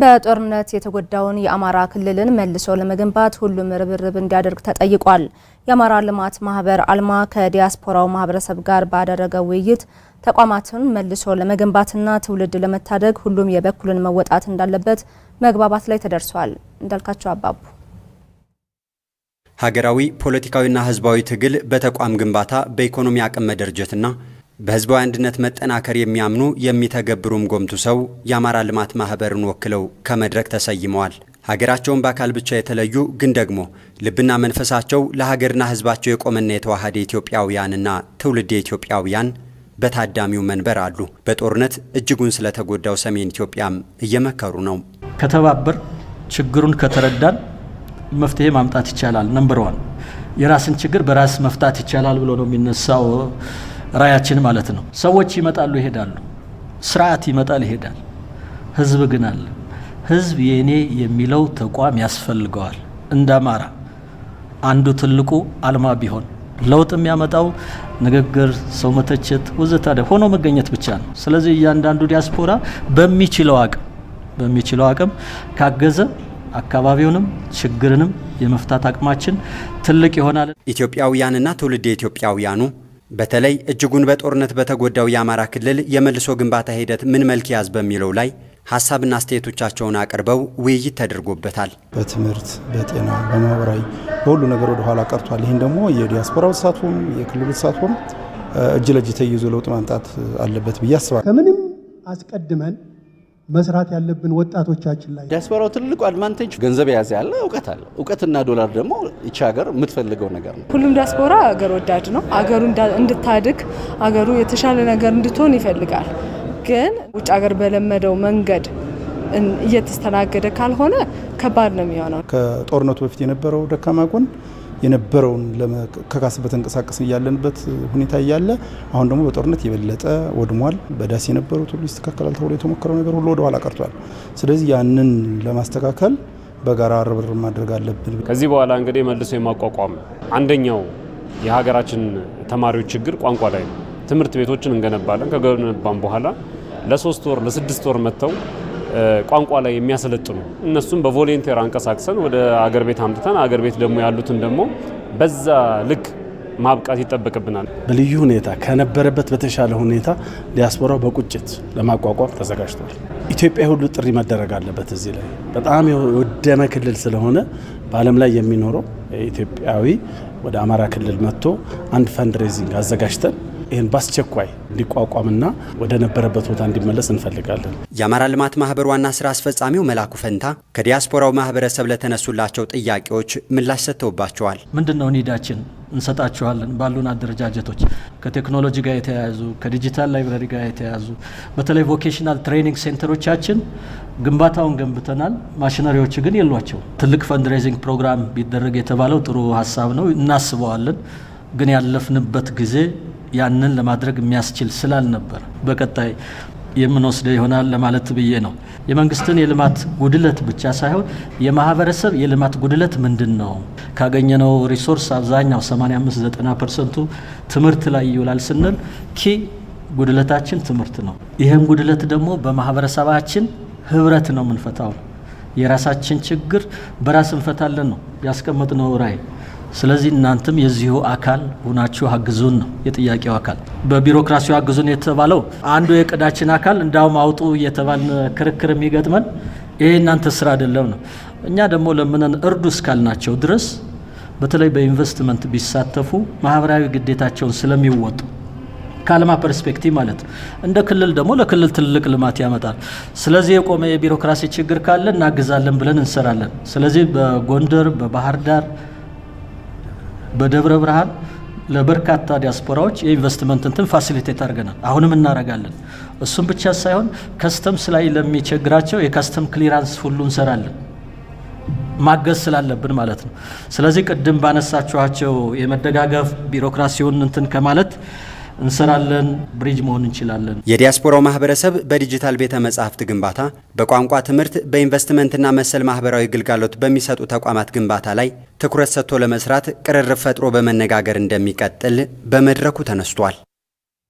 በጦርነት የተጎዳውን የአማራ ክልልን መልሶ ለመገንባት ሁሉም ርብርብ እንዲያደርግ ተጠይቋል። የአማራ ልማት ማህበር አልማ ከዲያስፖራው ማህበረሰብ ጋር ባደረገው ውይይት ተቋማትን መልሶ ለመገንባትና ትውልድ ለመታደግ ሁሉም የበኩልን መወጣት እንዳለበት መግባባት ላይ ተደርሷል። እንዳልካቸው አባቡ ሀገራዊ ፖለቲካዊና ህዝባዊ ትግል በተቋም ግንባታ በኢኮኖሚ አቅም መደርጀትና በህዝባዊ አንድነት መጠናከር የሚያምኑ የሚተገብሩም ጎምቱ ሰው የአማራ ልማት ማህበርን ወክለው ከመድረክ ተሰይመዋል። ሀገራቸውን በአካል ብቻ የተለዩ ግን ደግሞ ልብና መንፈሳቸው ለሀገርና ህዝባቸው የቆመና የተዋሃደ ኢትዮጵያውያንና ትውልድ ኢትዮጵያውያን በታዳሚው መንበር አሉ። በጦርነት እጅጉን ስለተጎዳው ሰሜን ኢትዮጵያም እየመከሩ ነው። ከተባበር ችግሩን ከተረዳን መፍትሄ ማምጣት ይቻላል። ነምበር ዋን የራስን ችግር በራስ መፍታት ይቻላል ብሎ ነው የሚነሳው ራያችን ማለት ነው። ሰዎች ይመጣሉ ይሄዳሉ፣ ስርዓት ይመጣል ይሄዳል። ህዝብ ግን አለ። ህዝብ የእኔ የሚለው ተቋም ያስፈልገዋል። እንደ አማራ አንዱ ትልቁ አልማ ቢሆን ለውጥ የሚያመጣው ንግግር፣ ሰው መተቸት ወዘተ ሆኖ መገኘት ብቻ ነው። ስለዚህ እያንዳንዱ ዲያስፖራ በሚችለው አቅም በሚችለው አቅም ካገዘ አካባቢውንም ችግርንም የመፍታት አቅማችን ትልቅ ይሆናል። ኢትዮጵያውያንና ትውልድ ኢትዮጵያውያኑ በተለይ እጅጉን በጦርነት በተጎዳው የአማራ ክልል የመልሶ ግንባታ ሂደት ምን መልክ ያዝ በሚለው ላይ ሀሳብና አስተያየቶቻቸውን አቅርበው ውይይት ተደርጎበታል። በትምህርት፣ በጤና፣ በማህበራዊ በሁሉ ነገር ወደ ኋላ ቀርቷል። ይህን ደግሞ የዲያስፖራው ተሳትፎም የክልሉ ተሳትፎም እጅ ለእጅ ተይዞ ለውጥ ማምጣት አለበት ብዬ አስባለሁ። ከምንም አስቀድመን መስራት ያለብን ወጣቶቻችን ላይ። ዲያስፖራው ትልቁ አድቫንቴጅ ገንዘብ የያዘ ያለ እውቀት አለ። እውቀትና ዶላር ደግሞ ይቺ ሀገር የምትፈልገው ነገር ነው። ሁሉም ዲያስፖራ ሀገር ወዳድ ነው። አገሩ እንድታድግ፣ አገሩ የተሻለ ነገር እንድትሆን ይፈልጋል። ግን ውጭ ሀገር በለመደው መንገድ እየተስተናገደ ካልሆነ ከባድ ነው የሚሆነው። ከጦርነቱ በፊት የነበረው ደካማ ጎን የነበረውን ከካስበት በተንቀሳቀስ እያለንበት ሁኔታ እያለ አሁን ደግሞ በጦርነት የበለጠ ወድሟል። በዳስ የነበሩት ሁሉ ይስተካከላል ተብሎ የተሞከረው ነገር ሁሉ ወደኋላ ቀርቷል። ስለዚህ ያንን ለማስተካከል በጋራ ርብር ማድረግ አለብን። ከዚህ በኋላ እንግዲህ መልሶ የማቋቋም አንደኛው የሀገራችን ተማሪዎች ችግር ቋንቋ ላይ ነው። ትምህርት ቤቶችን እንገነባለን። ከገነባም በኋላ ለሶስት ወር ለስድስት ወር መጥተው ቋንቋ ላይ የሚያሰለጥኑ እነሱም በቮሌንቲር አንቀሳቅሰን ወደ አገር ቤት አምጥተን አገር ቤት ደግሞ ያሉትን ደግሞ በዛ ልክ ማብቃት ይጠበቅብናል። በልዩ ሁኔታ ከነበረበት በተሻለ ሁኔታ ዲያስፖራው በቁጭት ለማቋቋም ተዘጋጅቷል። ኢትዮጵያ ሁሉ ጥሪ መደረግ አለበት። እዚህ ላይ በጣም የወደመ ክልል ስለሆነ በዓለም ላይ የሚኖረው ኢትዮጵያዊ ወደ አማራ ክልል መጥቶ አንድ ፈንድሬዚንግ አዘጋጅተን ይህን በአስቸኳይ እንዲቋቋምና ወደ ነበረበት ቦታ እንዲመለስ እንፈልጋለን። የአማራ ልማት ማህበር ዋና ስራ አስፈጻሚው መላኩ ፈንታ ከዲያስፖራው ማህበረሰብ ለተነሱላቸው ጥያቄዎች ምላሽ ሰጥተውባቸዋል። ምንድን ነው ኒዳችን እንሰጣችኋለን ባሉን አደረጃጀቶች ከቴክኖሎጂ ጋር የተያያዙ ከዲጂታል ላይብራሪ ጋር የተያያዙ በተለይ ቮኬሽናል ትሬኒንግ ሴንተሮቻችን ግንባታውን ገንብተናል። ማሽነሪዎች ግን የሏቸው። ትልቅ ፈንድሬዚንግ ፕሮግራም ቢደረግ የተባለው ጥሩ ሀሳብ ነው፣ እናስበዋለን። ግን ያለፍንበት ጊዜ ያንን ለማድረግ የሚያስችል ስላልነበር በቀጣይ የምንወስደው ይሆናል ለማለት ብዬ ነው። የመንግስትን የልማት ጉድለት ብቻ ሳይሆን የማህበረሰብ የልማት ጉድለት ምንድን ነው? ካገኘነው ሪሶርስ አብዛኛው 85-90 ፐርሰንቱ ትምህርት ላይ ይውላል ስንል ኪ ጉድለታችን ትምህርት ነው። ይህን ጉድለት ደግሞ በማህበረሰባችን ህብረት ነው የምንፈታው። የራሳችን ችግር በራስ እንፈታለን ነው ያስቀመጥነው ራዕይ። ስለዚህ እናንተም የዚሁ አካል ሁናችሁ አግዙን ነው የጥያቄው አካል። በቢሮክራሲው አግዙን የተባለው አንዱ የቅዳችን አካል እንዳውም አውጡ እየተባል ክርክር የሚገጥመን ይሄ እናንተ ስራ አይደለም ነው። እኛ ደግሞ ለምነን እርዱ እስካልናቸው ድረስ በተለይ በኢንቨስትመንት ቢሳተፉ ማህበራዊ ግዴታቸውን ስለሚወጡ ከአለማ ፐርስፔክቲቭ ማለት እንደ ክልል ደግሞ ለክልል ትልቅ ልማት ያመጣል። ስለዚህ የቆመ የቢሮክራሲ ችግር ካለ እናግዛለን ብለን እንሰራለን። ስለዚህ በጎንደር በባህር ዳር በደብረ ብርሃን ለበርካታ ዲያስፖራዎች የኢንቨስትመንት እንትን ፋሲሊቴት አድርገናል። አሁንም እናረጋለን። እሱም ብቻ ሳይሆን ከስተምስ ላይ ለሚቸግራቸው የከስተም ክሊራንስ ሁሉ እንሰራለን፣ ማገዝ ስላለብን ማለት ነው። ስለዚህ ቅድም ባነሳችኋቸው የመደጋገፍ ቢሮክራሲውን እንትን ከማለት እንሰራለን፣ ብሪጅ መሆን እንችላለን። የዲያስፖራው ማህበረሰብ በዲጂታል ቤተ መጻሕፍት ግንባታ፣ በቋንቋ ትምህርት፣ በኢንቨስትመንትና መሰል ማህበራዊ ግልጋሎት በሚሰጡ ተቋማት ግንባታ ላይ ትኩረት ሰጥቶ ለመስራት ቅርርብ ፈጥሮ በመነጋገር እንደሚቀጥል በመድረኩ ተነስቷል።